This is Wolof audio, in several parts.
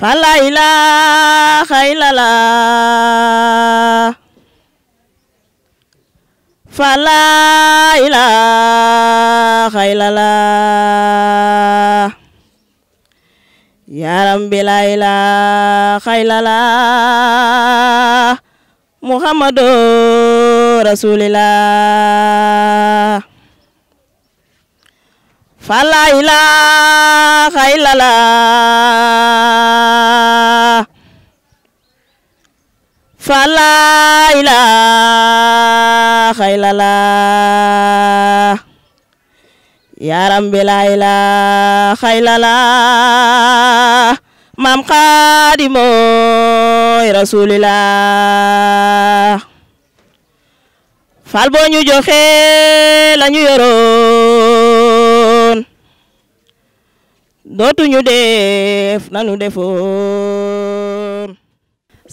fala ilaha illallah fala ilaha illallah ya rabbi la ilaha illallah muhammadu rasulillah fala ilaha illallah fala ilaha illallah yaram bi la ilaha illallah maam fal boo ñu joxe la dootuñu def nanu defoon.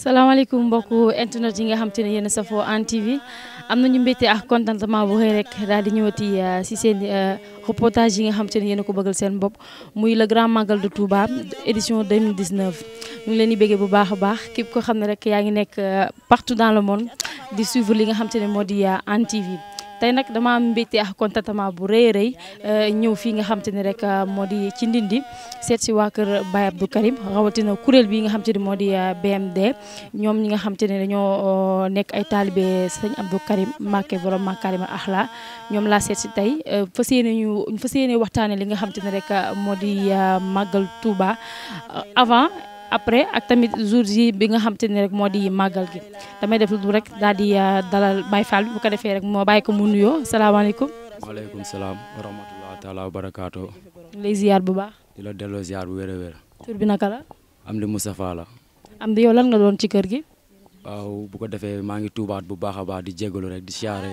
salaamaaleykum mbokku internet yi nga xam te ne yéen safoo Hann TV am na ñu mbégte ak contentement bu xëy rek daal di ñëwati euh, si seen euh, reportage yi nga xam te ne yéen a ko bëggal seen bopp muy le grand magal de Touba édition 2019 ñu ngi leen di béggee bu baax a baax képp ko xam ne rek yaa ngi nekk euh, partout dans le monde di suivre li nga xam te ne moo di Hann TV. tey nag dama am mbégte ak contentement bu rëy rëy euh, ñëw fii nga xam te ne rek euh, moo di ci Ndindi seet si waa kër Baye Abdou Karim rawatina kuréel bii nga xam te ne moo di euh, BMD ñoom ñi nga xam te ne dañoo nekk ay taalibe sëñ Abdou Karim Mbacké borom Makarima Axla ñoom laa seet si tey fas yéene ñu fas yéene waxtaane li nga xam te ne rek moo di màggal Touba avant après ak tamit jours yi bi nga xam te ne rek moo di màggal gi damay def lu rek daal di euh, dalal Baye Fall bi bu ko defee rek moo bàyyi ko mu nuyoo salaamaaleykum. waaleykum salaam wa rahmatulah taalaa wa barakaatu. di lay bu baax. di la delloo ziar bu wér a wér. tur bi naka la. Amdi Moustapha la. Amdi yow lan nga doon ci kër gi. waaw bu ko defee maa ngi tuubaat bu baax a baax di jégalu rek di siyaare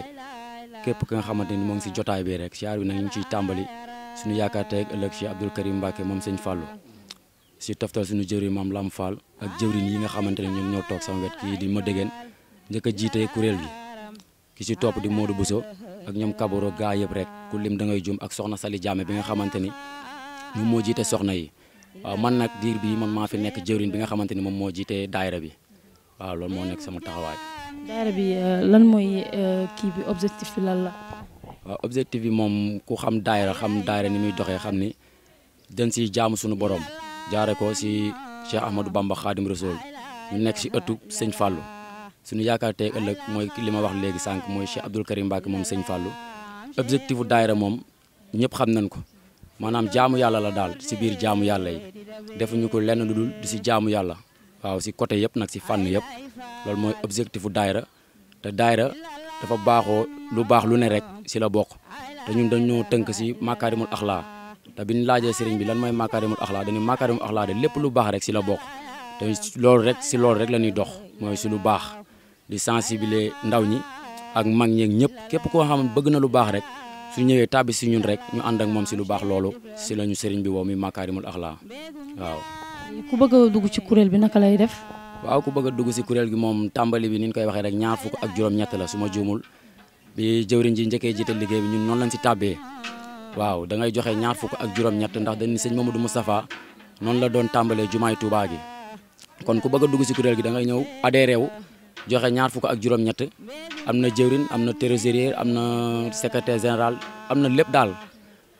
képp ki nga xamante ni moo ngi si jotaay bi rek siyaar bi nag ñu ciy tàmbali suñu yaakaar tey ëllëg si Abdou Karim Mbacke moom sëñ Fallou. si toftal suñu jëwri mam Lam Fall ak jëwriñ yi nga xamante ne ñoom ñoo tok sama wet di ma degen ñeuka jité kurel bi ki ci top di Modou buso ak ñom Kaboro ga yeb rek ku lim da ngay jum ak soxna Sali jame bi nga xamante ñu mo jité soxna yi waaw man nak dir bi man ma fi nek jëwriñ bi nga xamante mom mo jité daaira bi wa lool mo nek sama taxaway daaira bi euh, lan moy euh, ki bi objectif bi lan la. objectif bi mom ku xam daaira xam daaira ni muy doxé xam ni dañ ci jaamu suñu borom. jaare ko si Cheikh Ahmadou Bamba Khadim Rasoul ñu nekk si ëttu sëñ Fallou suñu yaakaar tey ëllëg mooy li ma wax léegi sànq mooy Cheikh Abdoul Karim Mbacke moom sëñ Fallou objectif bu daayira moom ñëpp xam nañ ko maanaam jaamu yàlla la daal si biir jaamu yàlla yi defuñu ko lenn lu dul di si jaamu yàlla waaw si côté yëpp nag si fànn yëpp loolu mooy objectif bu daayira te daayira dafa baaxoo lu baax lu ne rek si la bokk te ñun dañoo tënk si makaarimul axlaa te bi ñu laajee sëriñ bi lan mooy makaarimul axlaa dañu makaarimul axlaa de lépp lu baax rek si la bokk te loolu rek si loolu rek la ñuy dox mooy si lu baax di sensibiliser ndaw ñi ak mag ñeeg ñëpp képp koo xam bëgg na lu baax rek su ñëwee tàbbi si ñun rek ñu ànd ak moom si lu baax loolu si lañu sëriñ bi woo muy makaarimul axlaa waaw. ku bëgg a dugg ci kuréel bi naka lay def. waaw ku bëgg a dugg si kuréel gi moom tàmbali bi ni ñu koy waxee rek ñaar fukk ak juróom-ñett la su ma bi jëwriñ ji njëkkee jiite liggéey bi ñun noonu lañ si tàbbee waaw dangay joxe ñaar fukk ak juróom-ñett ndax dañ ni sëñ Mamadou Moustapha noonu la doon tàmbalee jumaay Touba gi kon ku bëgg dugg si kuréel gi da ñëw adhéré wu joxe ñaar fukk ak juróom-ñett am na jëwrin am na trésorier am na secrétaire général am na lépp daal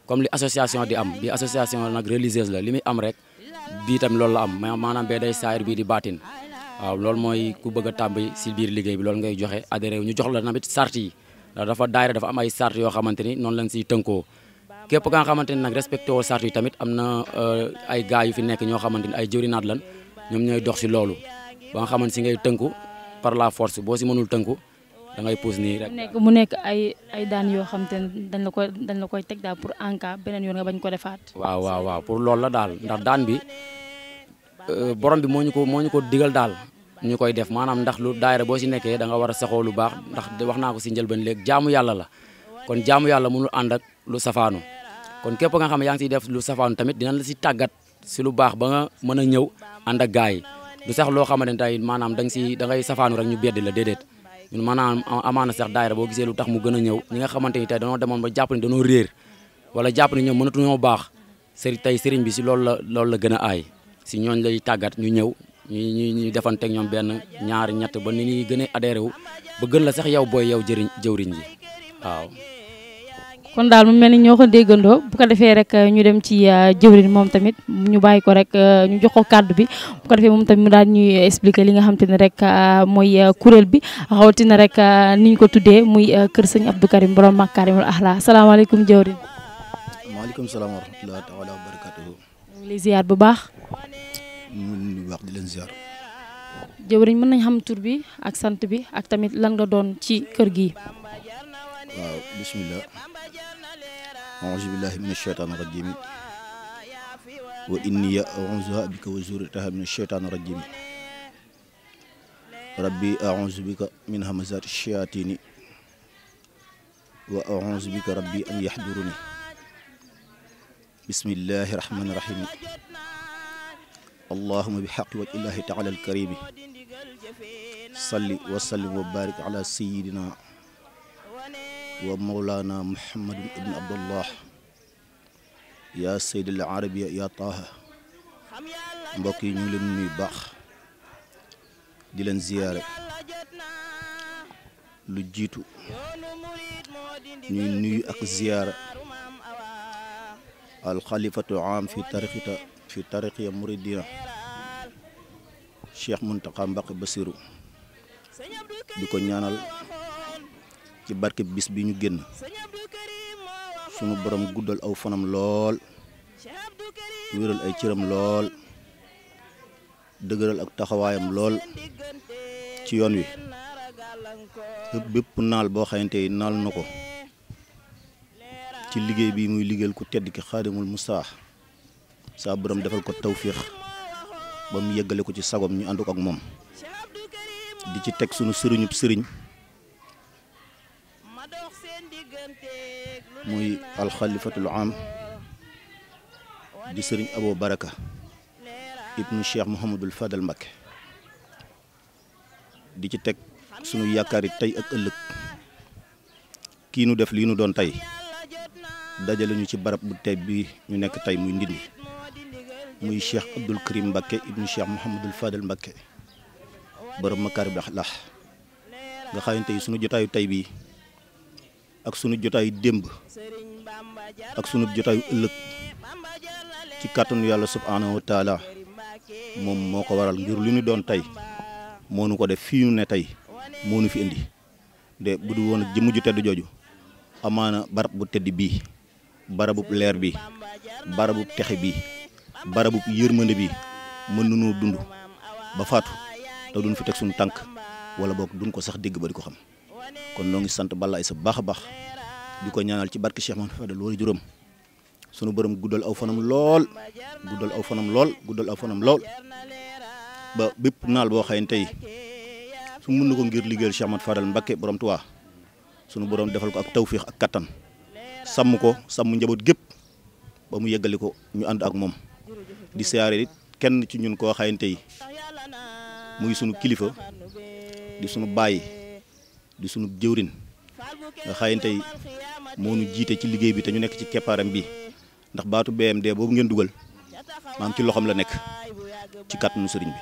comme li association di am bi association nag la li muy am rek bii tam loolu la am maanaam bee day saayir bii di baatin waaw loolu mooy ku bëgg a si biir liggéey bi loolu ngay joxe adhéré ñu jox la tamit sart yi dafa daayira dafa am ay sart yoo xamante ni noonu lañ siy tënkoo képp ka nga xamante ne nag respecté woo sart yi tamit am na euh, ay gars yu fi nekk ñoo xamante ne ay jëwrinaat lan ñoom ñooy dox si loolu ba nga si ngay tënku par la force boo si mënul tënku da ngay pousse nii rek. mu mu nekk ay ay daan yoo xam ne dañ la koy dañ la koy teg pour en cas yoon bañ ko defaat. waaw waaw waaw la daal ndax daan bi euh, borom bi moo ñu ko moo ko digal daal. ñu koy def maanaam ndax lu daayira boo si nekkee da nga war a saxoo lu baax ndax wax naa ko si njëlbeen léegi jaamu yàlla la kon jaamu yàlla mënul ànd ak lu safaanu. kon képp nga xam ne yaa ngi siy def lu safaanu tamit dina la si tàggat si lu baax ba nga mën a ñëw ànd a gars yi du sax loo xamante ne tey maanaam danga si da ngay safaanu rek ñu bedd la déedéet ñun maanaam amaana sax daayira boo gisee lu tax mu gën a ñëw ñi nga xamante ni tey danoo demoon ba jàpp danoo réer wala jàpp ne ñoom mënatuñoo baax sëriñ tey sëriñ bi si loolu la loolu la gën a aay si ñooñ lay tàggat ñu ñëw ñu ñu defanteeg ñoom benn ñaar ñett ba ni ñuy gën a adhéré wu ba gën la sax yow booy yow jëriñ jëwriñ ji waaw kon daal mu mel ni ñoo ko déggandoo bu ko defee rek ñu dem ci euh, jëwriñ moom tamit ñu bàyyi ko rek euh, ñu jox ko kàddu bi bu ko defee moom tamit mu daal ñuy expliquer li nga xam ne rek euh, mooy kuréel bi rawatina rek ni ko tuddee muy kër sëñ Abdou Karim borom Makaarimul Axlaa salaamaaleykum jëwriñ. bu baax. ñu mën nañ xam tur bi ak sant bi ak tamit lan nga doon ci kër gi. بسم الله أعوذ بالله من الشيطان الرجيم وإني أعوذ بك وزورتها من الشيطان الرجيم ربي أعوذ بك من همزات الشياطين وأعوذ بك ربي أن يحضرني بسم الله الرحمن الرحيم اللهم بحق الله تعالى الكريم صلي وسلم وبارك على سيدنا ومولانا محمد بن عبد الله يا سيد العرب يا طه مبكي نيو لي نوي باخ دي لن زياره لو جيتو نيو نوي اك زياره الخليفه عام في تاريخ في تاريخ مريديا شيخ منتقى مبكي بصيرو ديكو نيانال ci barke bis bi ñu génn sunu borom guddal aw fanam lool wéral ay cëram lool dëgëral ak taxawaayam lool ci yoon wi bépp naal boo xamante ni naal na ko ci liggéey bi muy liggéeyal ku tedd ki xaadimul mustaax saa borom defal ko tawfiix ba mu yeggale ko ci sagom ñu ànd ak moom di ci teg sunu sëriñub sëriñ muy alxalifatul am di sëriñ Abo Baraka ibnu Cheikh Mouhamadul Fadal Mbakke di ci teg sunu yaakaari tey ak ëllëg kii nu def lii nu doon tey dajale ñu ci barab bu tey bi ñu nekk tey muy Ndindi muy Cheikh Abdul Karim Mbakke ibnu Cheikh Mouhamadul Fadal Mbakke borom makaari bi lax nga xayante yi sunu jotaayu tey bii. ak sunu jotaayu démb ak sunu jotaayu ëllëg ci kàttanu yàlla subhaanahu wa taala moom moo ko waral ngir lu ñu doon tey moo nu ko def fii ñu ne tey moo nu fi indi de bu du woon ak jëmm ju tedd jooju amaana barab bu tedd bii barabub leer bi barabub texe bi barabub yërmande bi mën nañoo dund ba faatu te duñ fi teg suñu tànk wala boog dun ko sax dégg ba di ko xam. kon noo ngi sant Balla isa baax a baax di ñaanal ci barke Cheikh mohammed Fadal loolu juróom sunu borom guddal aw fanam lool guddal aw fanam lool guddal aw fanam lool ba bépp naal bo xëy tay su mën nako ngir liggéeyal Cheikh mohammed Fadal Mbacké borom tuwa sunu borom defal ko ak tawfiq ak katan sam ko sam njabot gep ba mu yeggali ko ñu and ak mom di siaré nit kenn ci ñun ko xayante tay muy sunu kilifa di sunu bayi. di sunu jëwrin nga xayin moo nu jiite ci liggéey bi te ñu nekk ci keppaaram bi ndax baatu BMD boobu ngeen dugal maam ci loxoom la nekk ci kàttanu sëriñ bi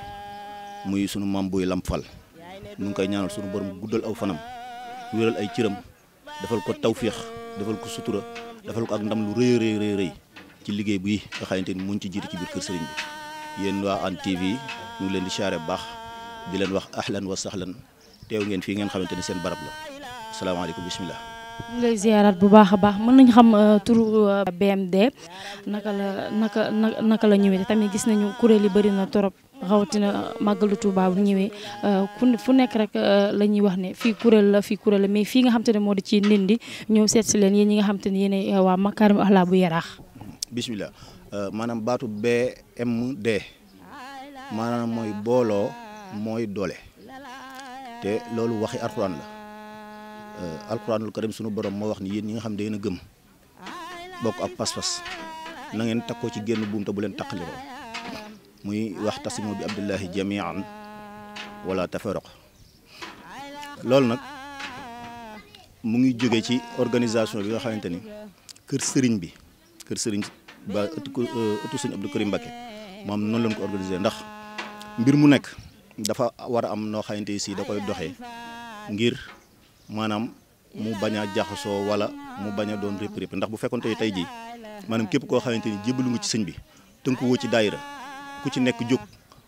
muy sunu maam buy lam fal ngi koy ñaanal sunu borom guddal aw fanam wéral ay cëram defal ko tawféex defal ko sutura defal ko ak ndam lu rëy rëy ci liggéey bi nga xamante ni muñ ci jiite ci biir kër sëriñ bi yéen waa Hann TV ñu ngi leen di siyaare bu baax di leen wax ahlan wa sahlan teew ngeen fii ngeen xamante ni seen barab la asalaamaaleykum bisimilah. ñu lay bu baax a baax mën nañu xam euh, turu euh, BMD la naka naka la ñëwee tamit gis nañu kuréel yi bëri na torop rawatina màggalu Tuuba bu ñëwee euh, fu nekk rek la ñuy wax ne fii kuréel la fii kuréel la mais fii nga xam te ne moo di ci Ndindi ñëw seet si leen yéen ñi nga xam te ne waa Makaarim Axlaa bu yaraax. bisimilah maanaam baatu BMD maanaam mooy booloo mooy doole. te loolu waxi alxuraan la euh, alxuraanul karim sunu borom moo wax ni yéen ñi nga xam ne da ngeen a gëm bokk ab pas-pas na ngeen takkoo ci génn buum te bu leen taqaliroo muy wax tasimu bi abdillahi jamian wala tafaraq loolu nag mu ngi jóge ci organisation bi nga xamante ni kër sëriñ bi kër sëriñ ba ëttu euh, ëttu sëriñ Abdou Karim Mbacké moom noonu lañ ko organisé ndax mbir mu nekk dafa war a am noo xamante sii da koy doxee ngir maanaam mu bañ a jaxasoo wala mu bañ a doon rëpp rëpp ndax bu fekkoon tey tey jii maanaam képp koo xamante ni jébbalu nga ci sëñ bi tënku woo ci daayira ku ci nekk jóg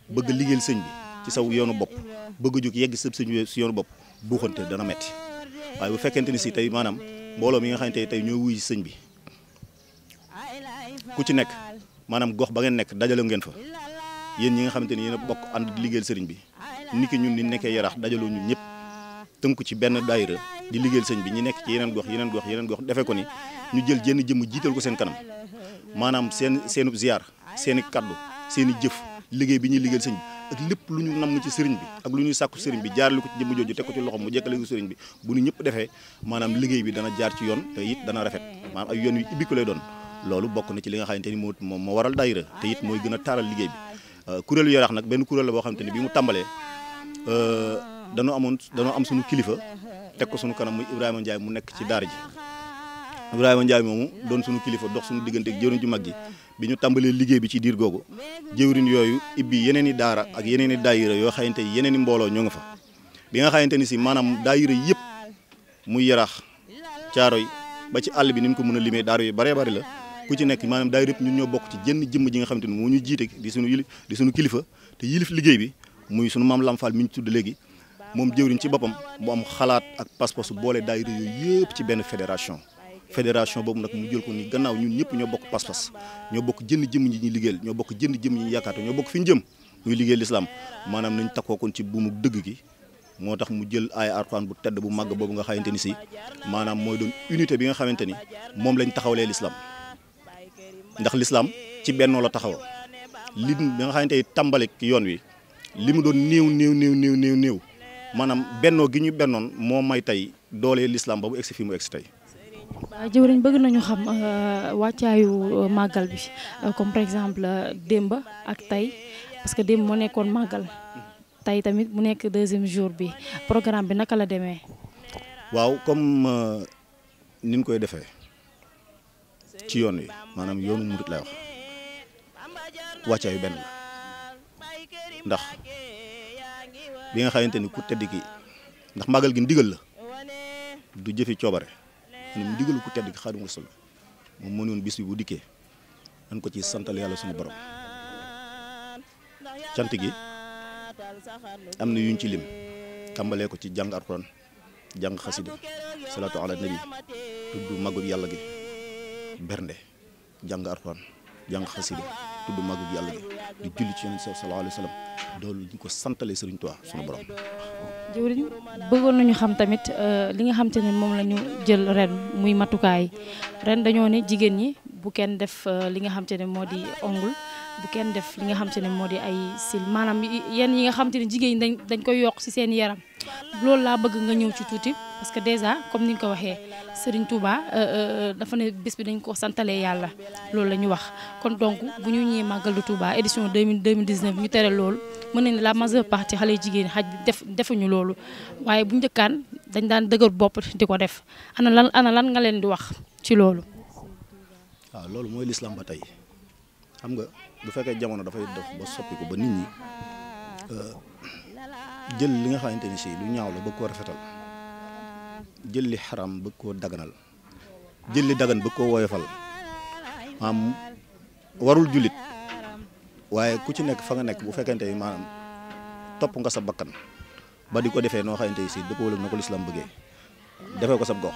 bëgg liggéeyal sëñ bi ci saw yoonu bopp bëgg jóg yegg sa sëñ bi si yoonu bopp buuxante dana metti waaye bu fekkente ni sii tey maanaam mbooloo mi nga xamante ni tey ñoo wuy sëñ bi ku ci nekk maanaam gox ba ngeen nekk dajale ngeen fa yéen ñi nga xamante ni yéen a bokk ànd di liggéeyal sëriñ bi niki ñun ni nekkee yarax dajaloo ñun ñëpp tënku ci benn daayira di liggéeyal sëriñ bi ñu nekk ci yeneen gox yeneen gox yeneen gox defee ko ni ñu jël jenn jëmm jiital ko seen kanam maanaam seen seenub ziar seen i kaddu seen i jëf liggéey bi ñuy liggéeyal sëriñ bi ak lépp lu ñu namm ci sëriñ bi ak lu ñuy sàkku sëriñ bi jaarale ko ci jëmm jooju teg ko ci loxo mu jekkale ko sëriñ bi bu ñu ñëpp defee maanaam liggéey bi dana jaar ci yoon te it dana rafet maanaam ay yoon yu ibbi loolu bokk na ci li nga xamante ni moo moo waral daayira te it mooy gën a taaral liggéey Euh, kuréelu yaraax nag benn kuréel la boo xam te ni bi mu tàmbalee euh, danoo amoon danoo am suñu kilifa teg ko suñu kanam muy Ibrahima Ndiaye mu nekk ci daar ji Ibrahima Ndiaye moomu doon suñu kilifa dox suñu diggante ak ju mag ji bi ñu tàmbalee liggéey bi ci diir googu jëwriñ yooyu ibbi yeneen i daara ak yeneen i daayira yoo xamante ni yeneen i mbooloo ñoo nga fa bi nga xamante ni si maanaam daayira yëpp muy yaraax caaro yi ba ci àll bi ni mu ko mën a limee daara yu baree bari la ku ci nekk maanaam daayira yëpp ñun ñoo bokk ci jenn jëmm ji nga xamante ni ñu jiite di suñu yili di suñu kilifa te yilif liggéey bi muy suñu maam Lamp Fall mi ñu tudd léegi moom jëwriñ ci boppam mu am xalaat ak pas-pasu boole daayira yooyu yëpp ci ben fédération fédération boobu nag mu jël ko ni gannaaw ñun ñëpp ñoo bokk pas-pas ñoo bokk jënd jëmm ñi ñu liggéeyal ñoo bokk jënd jëmm ñi ñu yaakaar ñoo bokk fi ñu jëm muy liggéey lislaam maanaam nañ takkoo kon ci buumu dëgg gi moo mu jël ay alxuraan bu tedd bu màgg boobu nga xamante ni si doon unité bi nga lañ ndax lislaam ci benn la taxaw li nga xamante tàmbalik yoon wi li mu doon néew néew niiw néew néew néew maanaam bennoo gi ñu bennoon moo may tey doole lislaam ba mu egsi fii mu egsi tey. waaw bëgg nañu xam euh, wàccaayu euh, màggal bi euh, comme par exemple démb ak tey parce que démb moo nekkoon màggal tey tamit mu nekk deuxième jour bi programme bi naka la demee. waaw comme ni koy defee. ci yoon wi maanaam yoonu murit lay wax wàccee yu benn la ndax bi nga xamante ni ku tedd ki ndax magal gi ndigal la du jëfi coobare maanaam ndigalu ku tedd ki Xaadimu Rasuul moom moo ne woon bis bu dikkee dañ ko ci santal yàlla sunu borom cant gi am na yuñ ci lim tàmbalee ko ci jàng Alxuraan jàng xasida salaatu ala nabi tudd màggu yàlla gi bernde jàng arxuraan jàng xasida tudd màggu yàlla gi di julli ci yonent sallallahu alayhi wa sallam doolu ko santale sëriñ Tuubaa sunu bëggoon nañu xam tamit euh, li nga xam te ne moom lañu ñu jël ren muy matukaay ren dañoo ne jigéen ñi bu kenn def euh, li nga xam te ne moo di ongul bu kenn def li nga xam te ne moo di ay sil maanaam yenn yi nga xam te ne jigéen ñi dañ dañ koy yokk ci seen yaram loolu laa bëgg nga ñëw ci tuuti parce que déjà comme ni nga ko waxee Serigne Touba euh, euh, dafa ne bés bi dañ ko santalee yàlla loolu la ñu wax kon donc bu ñu ñëwee màggal de Touba édition 2019 ñu tere loolu mën nañ la majeure partie xale jigéen xaj bi def defuñu loolu waaye bu njëkkaan dañ daan dëgër bopp di ko def ana lan ana lan nga leen di wax ci loolu ah, loolu mooy l'islam ba bu fekke jamono fay ah, def ba soppi ko ba nit ñi euh, jël li nga xamanteni ci lu ñaaw la ba ko rafetal jël li haram ba ko daganal jël li dagan ba ko woyofal am warul julit waye ku ci nek fa nga nek bu fekkente ni maanaam topp nga sa bakkan ba di ko defee noo xamante ni si dëppoo la na ko ko sa gox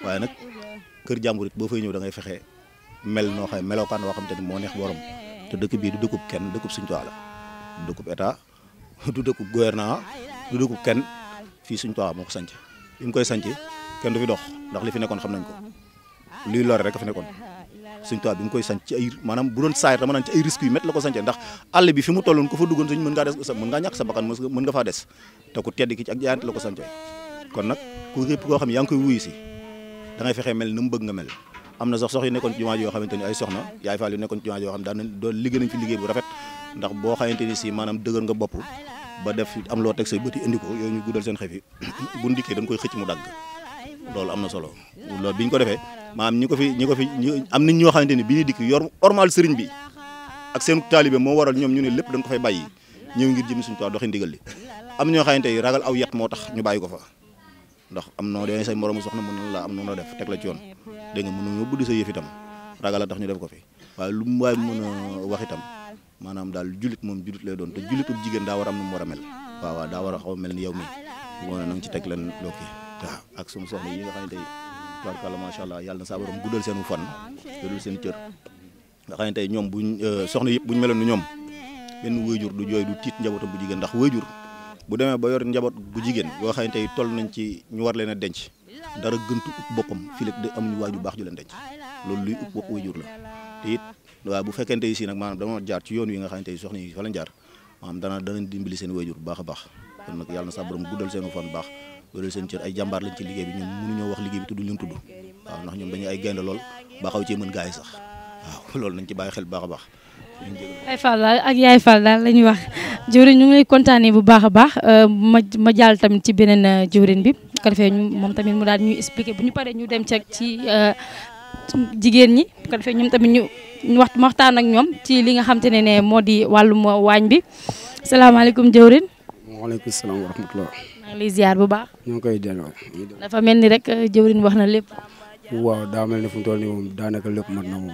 waye nak kër jamburit bo fay ñew da ngay fexé mel no xamé melokan wo xam mo neex borom te dëkk bi du dëkkub kenn dëkkub Serigne Touba la dëkkub état du dëkkub gouvernement du dëkkub kenn fi Serigne Touba moko ko bi koy sanc kenn du fi dox ndax li fi nekkon xam nañ ko li lor rek fa nekkon Serigne Touba Tuubaa bi mu koy sanc ci ay manam bu doon saayir dama nañ ci ay risque yu met la ko ndax bi fi mu tollon ko fa duggoon Serigne mën nga dess mën nga ñak sa bakkan mën nga fa dess te ku tedd ki ci ak jaayante la ko kon nak ku ko xam yang koy da ngay fexé mel num bëgg nga mel am na sax sox yu nekkoon ci jumaa ji yoo xamante ni ay soxna yaay faal yu nekkoon ci jumaa ji yoo xam daan nañ doon liggéey nañ fi liggéey bu rafet ndax boo xamante si maanaam dëgër nga bopp ba def am loo teg say bëti indi koy xëcc mu dagg loolu am na solo lool bi ko defee maanaam ñi ko fi ñi ko fi am nañ ñoo xamante ni bi ñuy dikk yor ormal sëriñ bi ak seen taalibe moo waral ñoom ñu ne lépp dañ ko fay bàyyi ñëw ngir jëm suñu toit doxi ndigal li am ñoo xamante ni ragal aw yat moo tax ñu bàyyi ko fa ndax amno noo say morom soxna mën la amno no def tek la ci yoon de nga ñubbu di sa yef itam ragal tax ñu def ko fi waaye lu way waay wax itam manam dal julit mom julit lay doon te julitub jigen da war am nu mu mel waaw waaw da war xaw melni yow mi mo na ci teg leen lokki wa ak sum soxna yi nga xam tay tey ma sha allah yalla na sa borom guddal seenu fan guddal seen cieur nga xam tay ñom buñ euh, soxna yëpp buñ melon ñom ben wayjur du joy du tit njabotam bu jigen ndax wayjur bu demee ba yor njaboot bu jigéen boo xamante ni toll nañ ci ñu war leen a denc dara gëntu upp boppam fii léegi de waaju baax ju denc loolu luy upp waajur la te it bu fekkente si nag maanaam dama jaar yoon wi nga xamante ni soxna yi fa lañ jaar maanaam dana danañ dimbali seen waajur bu baax a baax kon nag yàlla na sa borom guddal seen fan baax wéral seen cër ay jàmbaar bi ñoom mënuñoo wax liggéey bi tudd leen tudd waaw lool ba xaw sax waaw loolu nañ ci bàyyi xel baax a baax. ak Yaay Fall daal lañu wax jëwriñ ñu ngi contané bu baaxa baax euh, ma ma tamit ci benen euh, jëwriñ bi bu ko ñu mom tamit mu daal ñu expliquer bu ñu paré ñu dem ceeg ci euh, jigéen ñi bu ko defee tamit ñu wax waxtaan ak ñom ci li nga xam tane né modi walu di bi assalamu bi jëwriñ wa alaykum assalam wa rahmatullah maa ngi lay ziar bu baax. ñu koy delloo. dafa mel ni rek jëwriñ waxna na lépp. waaw daa mel ni fu tolni mom da naka lepp mat na mom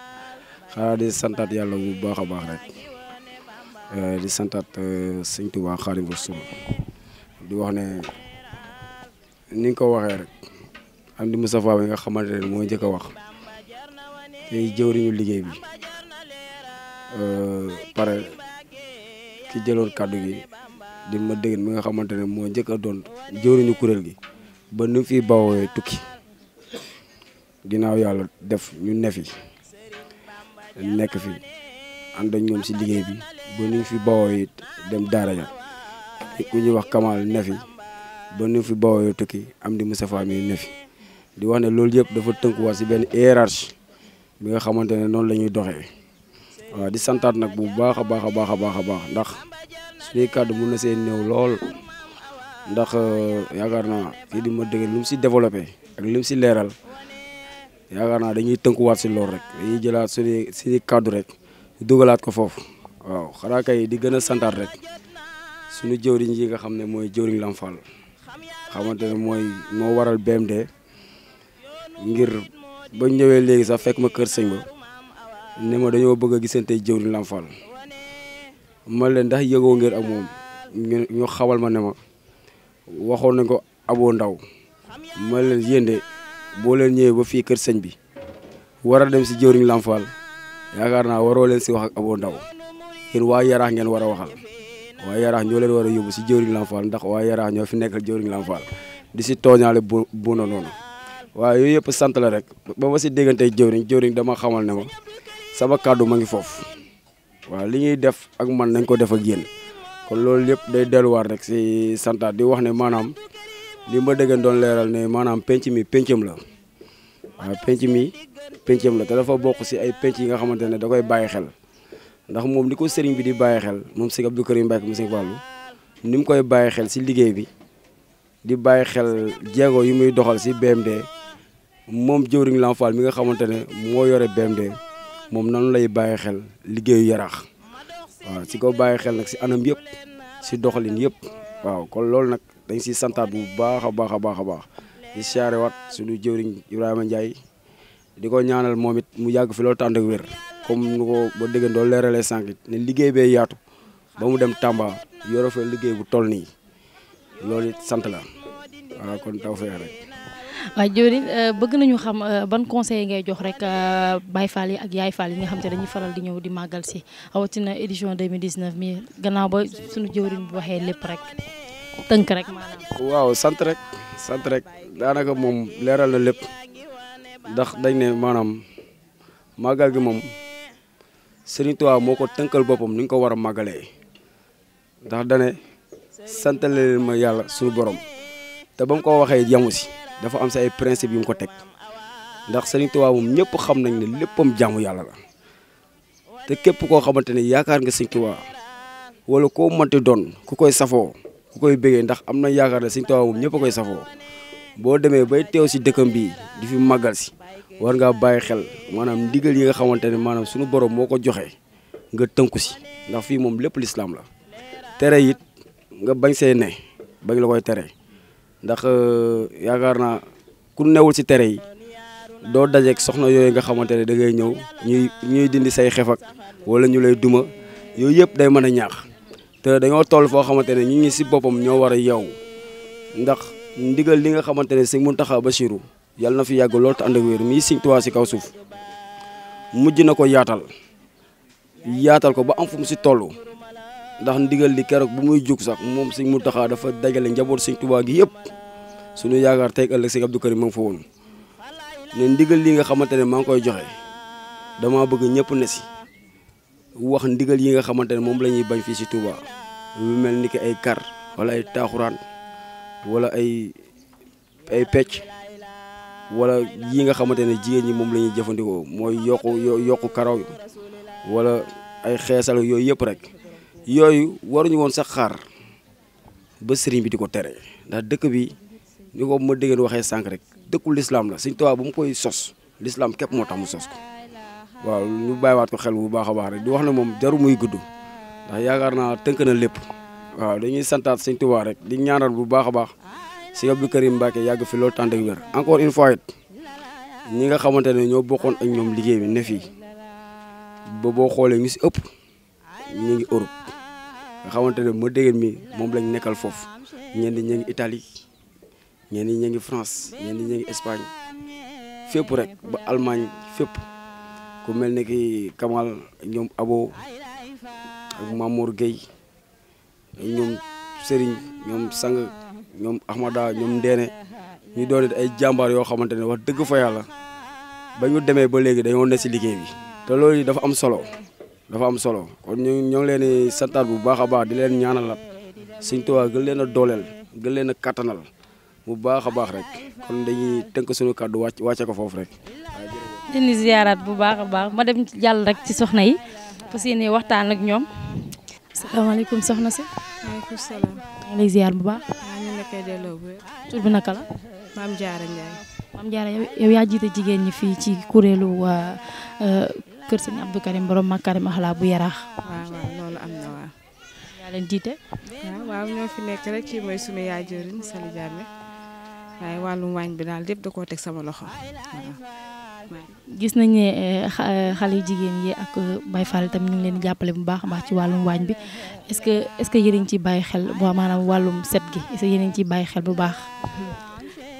di santat yalla bu baaxa baax rek. Euh, di santaat euh, sëñ Tuubaa Xaadimu Rasuul di wax ne ni nga ko waxee rek am di Moustapha bi nga xamante ne moo njëkk a wax tey jëwriñu liggéey bi euh, pare ki jëloon kàddu gi di ma dégg mi nga xamante ne moo njëkk a doon jëwriñu kuréel gi ba nu fi bawoo tukki ginnaaw yàlla def ñu nefi fi nekk fi. am ak ñoom si liggéey bi ba ñu fi bawoo dem daara ja ku ñuy wax Kamal ne fi ba ñu fi bawoo tukki am di mu mi ne fi di wax ne loolu yëpp dafa tënkuwaat si benn hiérarchie bi nga xamante ne noonu la ñuy doxee waaw di santaat nag bu baax a baax a baax a baax a baax ndax suñuy kàddu mun na see néew lool ndax euh, yaakaar naa kii di ma dëgg lu si développé ak lu si leeral yaakaar naa dañuy tënkuwaat si loolu rek dañuy jëlaat suñuy suñuy kàddu rek. dugalaat ko foofu waaw xanaa kay di gën a santaar rek suñu jëwriñ yi nga xam ne mooy jëwriñ Lam Fall xamante ne mooy moo waral BMD ngir ba ñëwee léegi sax fekk ma kër sëñ ba ne ma dañoo bëgg a gisante jëwriñ Lam Fall man leen ndax yëgoo ngeen ak ñu xawal ma ne ma waxoon nañ ko aboo ndaw man leen yéen boo leen ñëwee ba fii kër sëñ bi waral a dem si jëwriñ Lam yaakaar naa waroo leen si wax ak aboo Ndaw yéen waa Yaraax ngeen war a waxal waa Yaraax ñoo leen war a yóbbu si jëwriñ Lamfal ndax waa Yaraax ñoo fi nekkal jëwriñ Lamfal di si tooñaale bu buuna noonu waaye yooyu yëpp sant la rek ba ma si déggante jëwriñ jëwriñ dama xamal ne ma sama kàddu ma ngi foofu waaw li ñuy def ak man nañ ko def ak yéen kon loolu yëpp day delluwaat rek si santaat di wax ne maanaam li ma dëggan doon leeral ne maanaam penc mi pencam la waaw penc mi pencam la te dafa bokk si ay penc yi nga xamante ne da koy bàyyi xel ndax moom li ko sëriñ bi di bàyyi xel moom sëñ Abdou Karim Mbacke mu sëñ Fallou ni mu koy bàyyi xel si liggéey bi di bàyyi xel jéego yu muy doxal si BMD moom jëwriñ Lamfal mi nga xamante ne moo yore BMD moom nanu lay bàyyi xel liggéeyu yaraax waaw si ko bàyyi xel nag si anam yëpp si doxalin yëpp waaw kon loolu nag dañ siy santaat bu baax a baax a baax a baax di siyaare waat suñu jëwriñ Ibrahima Ndiaye di ko ñaanal moom it mu yàgg fi loolu tànd ak wér comme nu ko ba déggandoo leeralee sànq it ne liggéey bee yaatu ba mu dem Tamba yoro fa liggéey bu toll nii loolu it sant la waaw kon taw fee rek. waaw jëwriñ euh, bëgg nañu xam euh, ban conseil ngay jox rek euh, Baye Fall yi ak Yaay Fall yi nga xam te dañuy faral di ñëw di màggal si rawatina édition 2019 mi gannaaw ba suñu jëwriñ bu waxee lépp rek. tënk rek maanaam. waaw sant rek sant rek daanaka moom leeral la lépp ndax dañ ne maanaam màggal gi moom Serigne Touba moo ko tënkal boppam ni ko war a ndax dane santale ma yàlla suñu borom te ko dafa am sa ay principe yu mu ko teg ndax Serigne Touba moom ñëpp xam nañ ne léppam jaamu yàlla la te képp koo xamante ne yaakaar nga Serigne Touba wala ku koy ku koy bëggee ndax am na yaakaar ne siñ Tuubaa moom ñëpp koy safoo boo demee bay teew si dëkkam bi di fi màggal si war ngaa bàyyi xel maanaam ndigal yi nga xamante ne maanaam suñu borom moo ko joxe nga tënku si ndax fii moom lépp lislaam la tere it nga bañ see ne bañ la koy tere ndax euh, yaakaar naa ku newul si tere yi doo dajeeg soxna yooyu nga xamante ne da ngay ñëw ñuy ñuy dindi say xefak wala ñu lay duma yooyu yëpp day mën a ñaax te dañoo toll foo xamante ne ñi ngi si boppam ñoo war a yow ndax ndigal li nga xamante ne sëñ Muntaxa Bachiru yàlla na fi yàgg lool te ànd ak wér mii sëñ Tuubaa si kaw suuf mujj na ko yaatal yaatal ko ba am fu mu si toll ndax ndigal li keroog bu muy jug sax moom sëñ Muntaxa dafa dajale njaboot sëñ Tuubaa gi yëpp suñu yaakaar tey ëllëg sëñ Abdou Karim fa woon ne ndigal li nga xamante ne maa ngi koy joxe dama bëgg ñëpp ne si wax ndigal yi nga xamante ne moom la ñuy bañ fii si Touba lu mel ni ki ay kar wala ay taaxuraan walla ay ay pecc walla yi nga xamante ne jigéen ñi moom la ñuy jëfandikoo mooy yokku yokku karaw wala ay xeesal yooyu yëpp rek yooyu waruñu woon sax xaar ba sëriñ bi di ko tere ndax dëkk bi ni ko ma déggeen waxee sànq rek dëkkul lislaam la Sëriñ Tuubaa bu mu koy sos lislaam képp moo tax mu sos ko waaw ñu bàyyiwaat ko xel bu baax a baax rek di wax ne moom jaru muy gudd ndax yaakaar naa tënk na lépp waaw dañuy santaat sëñ Tuubaa rek di ñaanal bu baax a baax si Abdou Karim Mbacke yàgg fi loolu tànd ak wér encore une fois it ñi nga xamante ne ñoo bokkoon ak ñoom liggéey bi ne fii ba boo xoolee ñu si ëpp ñu ngi Europe nga xamante ne ma dégg mi moom lañ nekkal foofu ñenn ñi ñu ngi Italie ñenn ñi ñu ngi France ñenn ñi ñu ngi Espagne fépp rek ba Allemagne fépp. ku mel ni ki Kamal ñoom Abo ak Mamour Gueye ñoom Serigne ñoom Sang ñoom Ahmada ñoom Ndeene ñu doon ay jàmbaar yoo xamante ne wax dëgg fa yàlla ba ñu demee ba léegi dañoo ne si liggéey bi. te loolu dafa am solo dafa am solo kon ñu ñoo leen santaat bu baax a baax di leen ñaanal Sëñ Tuubaa gën leen a dooleel gën leen a kattanal bu baax a baax rek kon dañuy tënk suñu kàddu wàcc wàcce ko foofu rek. leen di ziyaaraat bu baax a baax ma dem jàll rek ci soxna yi fas yéene waxtaan ak ñoom. asalaamaaleykum soxna si. maaleykum salaam. ziyaar bu baax. maa ngi la koy delloo bu wér. tur bi naka la. maam Diarra Ndiaye. maam Diarra yaa jiite jigéen ñi fii ci kuréelu waa euh, kër sëñ Abdou Karim borom Makarim Axlaa bu yaraax. waaw waaw jiite. waaw rek kii mooy sunu yaay jëriñ Sali Diame bi daal lépp da koo teg sama loxo gis nañ ne eh, eh, xale yu jigéen yi ak Baye Fall tamit ñu leen jàppale bu baax a baax ci wàllum waañ bi est-ce que est-ce que yéen ci bàyyi xel bu maanaam wàllum set gi est-ce que yéen ci bàyyi xel bu baax.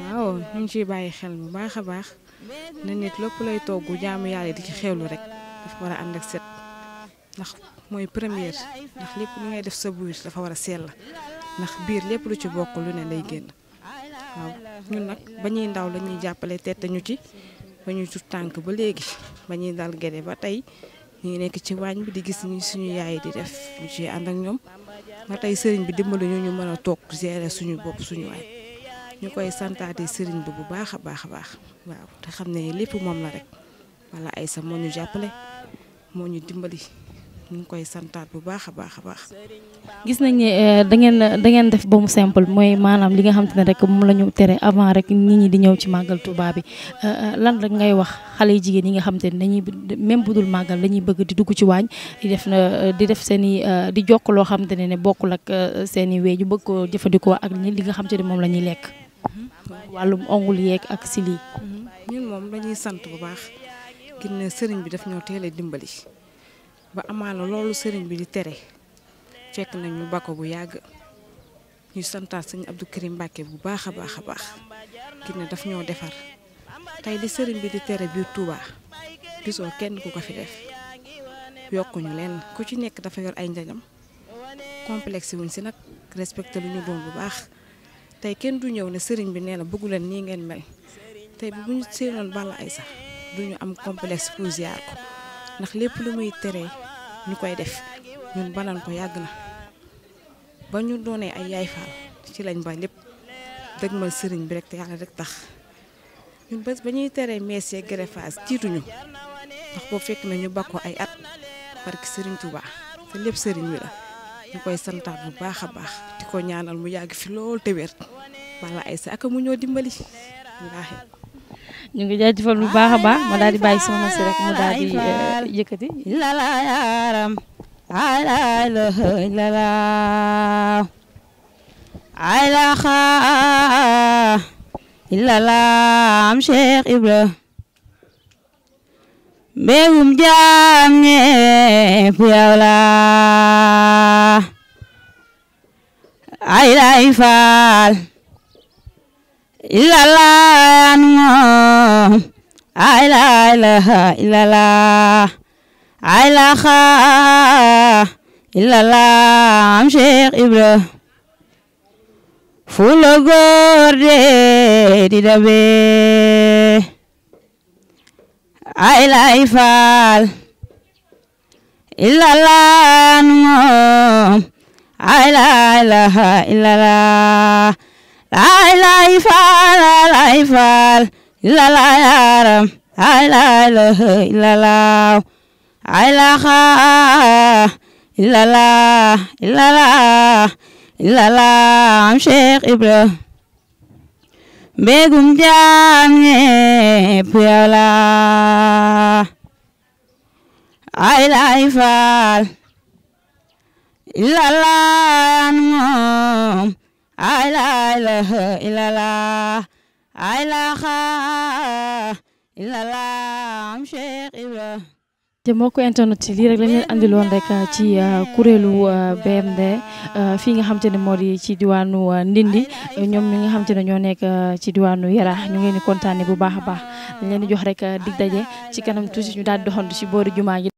waaw ñu ngi ciy bàyyi xel bu baax a baax na nit lépp lay togg jaamu yàlla di ci xewlu rek war a ànd ak ndax mooy première ndax lépp li ngay def sa biir dafa war a seet la ndax biir lépp lu ci bokk lu ne lay génn waaw ñun nag ba ndaw la jàppale te ñu ci. ba ñuy tut tànk ba léegi ba ñuy dal gene ba tey ñu ngi nekk ci waañ bi di gis ñu suñu yaay di def ñu ci ànd ak ñoom ba tey sëriñ bi dimbali ñu ñu mën a toog gérer suñu bopp suñu waañ ñu koy santaate sëriñ bi bu baax a baax a baax waaw te xam ne lépp moom la rek wala ay sa moo ñu jàppale moo ñu dimbali ñu ngi koy santaat bu baax a baax a baax. gis nañ ne euh, da ngeen da ngeen def ba mu simple mooy maanaam li nga xam te ne rek moom la ñu tere avant rek nit ñi di ñëw ci màggal Touba bi euh, euh, lan rek ngay wax xale yu jigéen yi nga xam te ne dañuy même bu dul màggal dañuy bëgg di dugg ci waañ di def na di def seen i di jokk loo xam te ne ne bokkul ak seen i weeju bëgg ko jëfandikoo ak li nga xam te ne moom la ñuy lekk. Mhm. wàllum ongul yeeg ak sili. Mhm. ñun moom lañuy sant bu baax. gis ne sëriñ bi daf ñoo teel dimbali. ba amaana loolu sëriñ bi di tere fekk nañu bako bu yàgg ñu santaat sëñ Abdou Karim Mbàkke bu baax a baax a baax gis ne daf ñoo defar tey di sëriñ bi di tere biir Touba gisoo kenn ku ko fi def yokkuñu leen ku ci nekk dafa yor ay njañam complexe wuñ si nag respecté lu ñu doon bu baax tey kenn du ñëw ne sëriñ bi nee na bëggu leen nii ngeen mel tey bu ñu seenoon bala ay sax duñu am complexe pour ziar ko ndax lépp lu muy tere ñu koy def ñun banan ko yàgg na ba ñu doonee ay yaay faal ci lañ ba lépp ma sëriñ bi rek te yàlla rek tax ñun bés ba ñuy tere mees yeeg greffage tiituñu ndax boo fekk na ñu bakkoo ay at barki sëriñ Touba te lépp sëriñ bi la ñu koy santaat bu baax a baax di ko ñaanal mu yàgg fi loolu te wér bala ay sa ak mu ñoo dimbali wallaahi ñu ngi jaajëfal bu baax a baax ma daal di bàyyi soxna si rek mu daal di yëkkati lala yaaram ala lala ala xa lala am Cheikh Ibra mbéyum jaam ñépp yow la ay lay faal illallah no ay la ilaha illallah ay la xa am Cheikh Ibra fu la góor de di dabe ay lay faal ilaha illallah laay laay faal laay faal la laay aram laay laay la hëy laaw laay la xaa la laa la laa la laa am Cheikh Ibra mbégum jaam ñépp yow laay laay faal la laa moom لا إله إلا الله لا إله إلا الله am Cheikh Ibra te moo ko internet lii rek lañ leen andiloon rek ci uh, kuréelu uh, BMD uh, fii nga xam te ne moo di ci diwaanu Ndindi ñoom ñi nga xam te ne ñoo nekk ci diwaanu Yaraax ñu ngi leen di kontaane bu baax a baax dañ leen di jox rek dig daje ci kanam tuuti ñu daal di doxantu ci boori jumaa ji